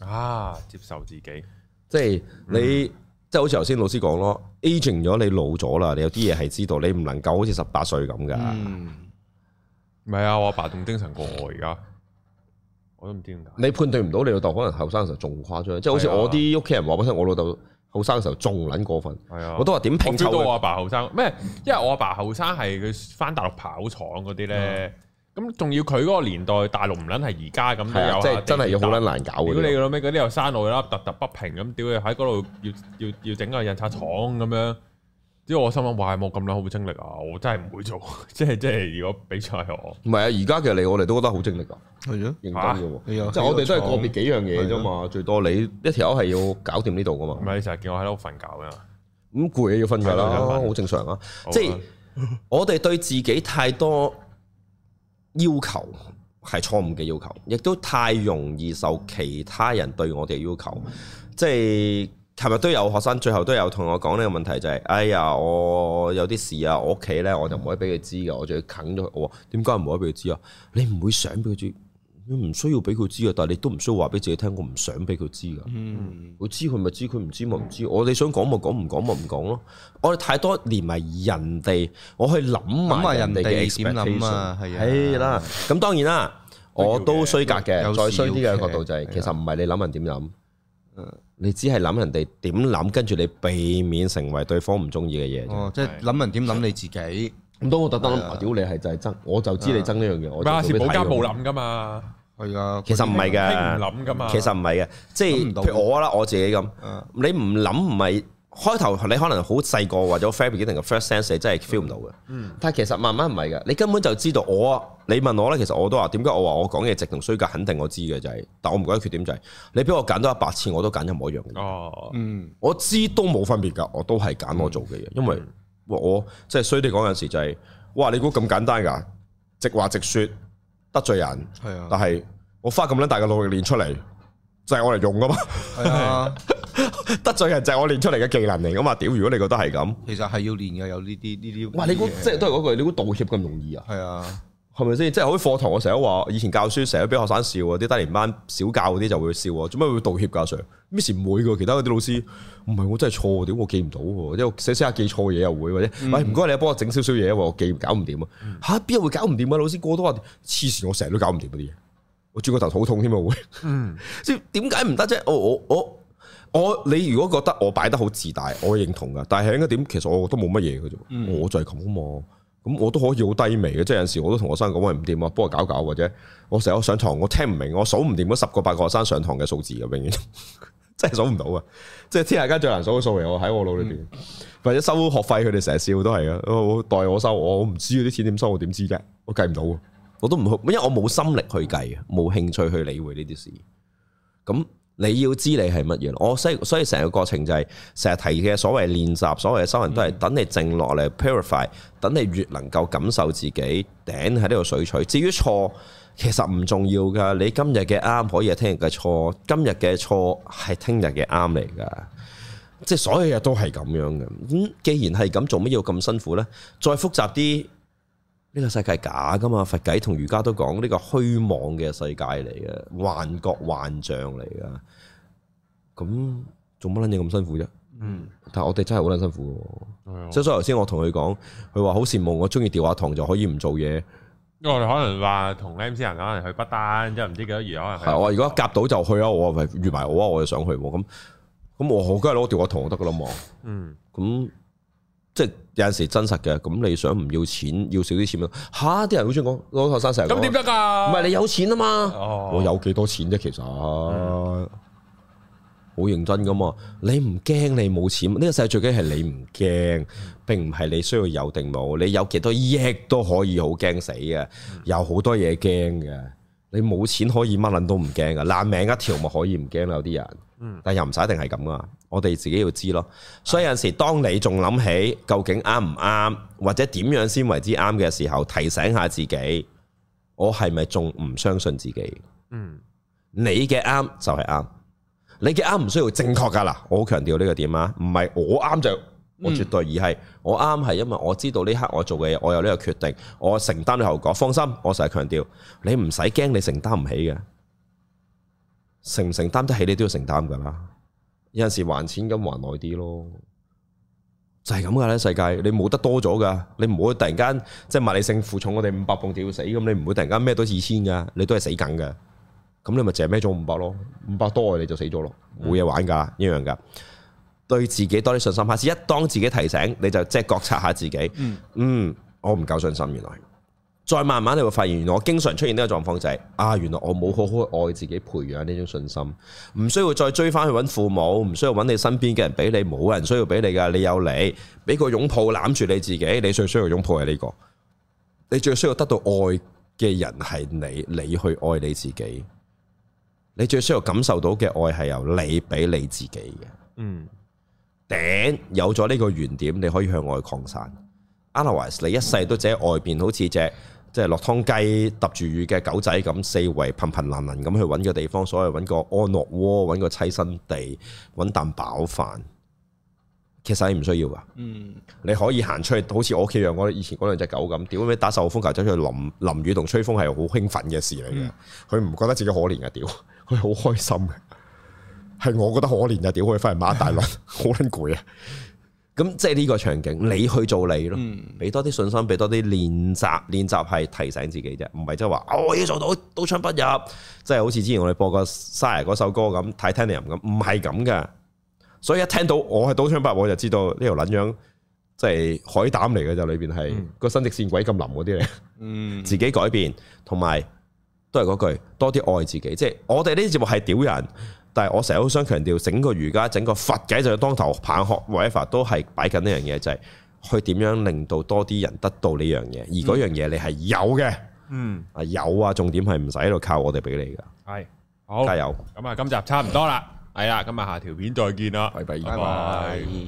嗯、啊！接受自己，即係你，嗯、即係好似頭先老師講咯，aging 咗你老咗啦，你有啲嘢係知道，你唔能夠好似十八歲咁噶。唔係，嗯、啊，我阿爸仲精神過我而家，我都唔知點解。你判斷唔到你老豆，可能後生嘅時候仲誇張，即係好似我啲屋企人話唔出，啊、我老豆。後生嘅時候仲撚過分，係啊，我都話點拼湊嘅。我阿爸後生咩？因為我阿爸後生係佢翻大陸跑廠嗰啲咧，咁仲、嗯、要佢嗰個年代大陸唔撚係而家咁，係啊，即係真係要好撚難搞，如果你老味，嗰啲又山路啦，突突不平咁，屌佢喺嗰度要要要要整個印刷廠咁樣。即係我心諗，哇！冇咁樣好精力啊，我真係唔會做。即係即係，如果比賽我唔係啊！而家其實你我哋都覺得好精力噶，係咯、啊，認真嘅。啊啊、即係我哋都係個別幾樣嘢啫嘛，啊、最多你一條係要搞掂呢度噶嘛。唔係你成日叫我喺度瞓覺嘅嘛？咁攰、嗯、要瞓覺啦，好了正常啊！即係我哋對自己太多要求係錯誤嘅要求，亦都太容易受其他人對我哋嘅要求，即係。琴日都有學生，最後都有同我講呢個問題就係：哎呀，我有啲事啊，我屋企咧我就唔可以俾佢知嘅，我就要啃咗佢。我點解唔可以俾佢知啊？你唔會想俾佢知，你唔需要俾佢知啊。但係你都唔需要話俾自己聽，我唔想俾佢知噶。佢知佢咪知，佢唔知咪唔知。我哋想講咪講，唔講咪唔講咯。我哋太多連埋人哋，我去諗下人哋嘅點諗啊，係啦。咁當然啦，我都衰格嘅，再衰啲嘅角度就係，其實唔係你諗人點諗。你只係諗人哋點諗，跟住你避免成為對方唔中意嘅嘢。哦，即係諗人點諗你自己。咁 都我特登，如果你係就係爭，我就知你爭呢樣嘢。唔係的，係冇家冇諗噶嘛，係噶。其實唔係嘅，唔諗噶嘛。其實唔係嘅，即係譬如我啦，我自己咁。你唔諗唔係。開頭你可能好細個，或者 fabric 定個 first sense 你真係 feel 唔到嘅。嗯，但係其實慢慢唔係噶，你根本就知道我。你問我咧，其實我都話點解我話我講嘢直同衰格，肯定我知嘅就係，但我唔覺得缺點就係、是，你俾我揀多一百次，我都揀一模一樣嘅。哦，嗯，我知都冇分別噶，我都係揀我做嘅嘢，嗯、因為我即係衰哋講嗰陣時就係、是，哇你估咁簡單噶？直話直說得罪人，係啊，但係我花咁樣大嘅努力練出嚟，就係我嚟用噶嘛。係啊。 得罪人就係我練出嚟嘅技能嚟噶嘛？屌，如果你覺得係咁，其實係要練嘅，有呢啲呢啲。哇，你估即係都係嗰句，你估道歉咁容易啊？係啊，係咪先？即係好似課堂我，我成日話以前教書，成日俾學生笑啊。啲低年班少教嗰啲就會笑啊。做咩會道歉？教咩時唔會噶？其他嗰啲老師唔係、嗯、我真係錯，點我記唔到，因為寫寫下記錯嘢又會，或者唔該你幫，你幫我整少少嘢啊，我記唔搞唔掂啊。吓邊、嗯、會搞唔掂啊？老師過多話黐線，我成日都搞唔掂嗰啲嘢，我轉個頭好痛添啊會。即係點解唔得啫？我我我。我我我我我你如果覺得我擺得好自大，我會認同噶，但係應該點？其實我都冇乜嘢噶啫，我就係咁嘛。咁我都可以好低微嘅，即係有時我都同學生講喂，唔掂啊，幫我搞搞嘅啫。我成日上堂我聽唔明，我數唔掂嗰十個八個學生上堂嘅數字嘅，永遠真係數唔到啊！即係天下間最難數嘅數嚟，數我喺我腦裏邊，或者收學費佢哋成日笑都係啊，我代我收，我我唔知啲錢點收，我點知啫？我計唔到，啊，我都唔因為我冇心力去計，冇興趣去理會呢啲事，咁。你要知你係乜嘢，我所以所以成個過程就係成日提嘅所謂練習，所謂嘅修行都係等你靜落嚟 purify，等你越能夠感受自己頂喺呢度水取。至於錯，其實唔重要噶，你今日嘅啱可以係聽日嘅錯，今日嘅錯係聽日嘅啱嚟噶，即係所有嘢都係咁樣嘅。咁既然係咁，做乜要咁辛苦呢？再複雜啲。呢個世界假噶嘛？佛偈同瑜伽都講呢、這個虛妄嘅世界嚟嘅，幻覺幻象嚟嘅。咁做乜撚嘢咁辛苦啫？嗯。但係我哋真係好撚辛苦。即係、嗯嗯、所以頭先我同佢講，佢話好羨慕我中意調下堂就可以唔做嘢。因為、嗯、可能話同 MC 人可能去不丹、嗯，即係唔知幾多月可能。去。我如果夾到就去啊！我咪預埋我，啊，我就想去。咁咁我好梗係攞調下堂就得噶啦嘛。嗯。咁即係。嗯有陣時真實嘅，咁你想唔要錢？要少啲錢啊！吓，啲人好中意講，好多學生成咁點得噶？唔係你有錢啊嘛，我、哦哦、有幾多錢啫？其實，好、嗯、認真噶嘛，你唔驚你冇錢？呢、呢個世界最緊要係你唔驚，並唔係你需要有定冇，你有幾多億都可以好驚死嘅，有好多嘢驚嘅。你冇錢可以乜捻都唔驚噶爛命一條咪可以唔驚咯，有啲人，但又唔使一定係咁噶，我哋自己要知咯。所以有陣時當你仲諗起究竟啱唔啱，或者點樣先為之啱嘅時候，提醒下自己，我係咪仲唔相信自己？嗯，你嘅啱就係啱，你嘅啱唔需要正確噶啦，我好強調呢個點啊，唔係我啱就。我絕對而係，我啱係，因為我知道呢刻我做嘅嘢，我有呢個決定，我承擔嘅後果。放心，我成日強調，你唔使驚，你承擔唔起嘅，承唔承擔得起你都要承擔噶啦。有陣時還錢咁還耐啲咯，就係咁噶啦。世界，你冇得多咗噶，你唔會突然間即係物理性負重我哋五百磅就要死咁，你唔會突然間咩都二千噶，你都係死緊嘅。咁你咪淨係孭咗五百咯，五百多你就死咗咯，冇嘢、嗯、玩噶，一樣噶。對自己多啲信心，下次一當自己提醒，你就即係覺察下自己。嗯，嗯，我唔夠信心，原來。再慢慢你會發現，原來我經常出現呢個狀況就係，啊，原來我冇好好愛自己，培養呢種信心。唔需要再追翻去揾父母，唔需要揾你身邊嘅人俾你，冇人需要俾你噶，你有你，俾個擁抱攬住你自己，你最需要擁抱係呢個。你最需要得到愛嘅人係你，你去愛你自己。你最需要感受到嘅愛係由你俾你自己嘅，嗯。頂，有咗呢個原點，你可以向外擴散。Otherwise，你一世都只喺外邊好似隻即係落湯雞揼住雨嘅狗仔咁，四圍頻頻攤攤咁去揾個地方，所謂揾個安樂窩，揾個棲身地，揾啖飽飯。其實你唔需要㗎。嗯，你可以行出去，好似我屋企養我以前嗰兩隻狗咁，屌咩打十號風球走出去淋淋雨同吹風係好興奮嘅事嚟嘅，佢唔、嗯、覺得自己可憐呀，屌佢好開心係我覺得可憐就屌佢翻嚟抹大攞，好卵攰啊！咁即係呢個場景，你去做你咯，俾多啲信心，俾多啲練習，練習係提醒自己啫，唔係即係話我要做到，刀槍不入，即係好似之前我哋播過 Sire 嗰首歌咁，Titanium 咁，唔係咁噶。所以一聽到我係刀槍不入，我就知道呢條卵樣即係海膽嚟嘅就裏邊係個生殖線鬼咁腍嗰啲嚟。嗯， 自己改變，同埋都係嗰句，多啲愛自己。即係我哋呢啲節目係屌人。但係我成日都想強調，整個瑜伽、整個佛偈，就是、當頭棒喝，威法都係擺緊呢樣嘢，就係、是、去點樣令到多啲人得到呢樣嘢，而嗰樣嘢你係有嘅，嗯，啊有啊，重點係唔使喺度靠我哋俾你噶，係，好加油，咁啊，今集差唔多啦，係啦，咁啊，下條片再見啦，拜拜。Bye bye bye bye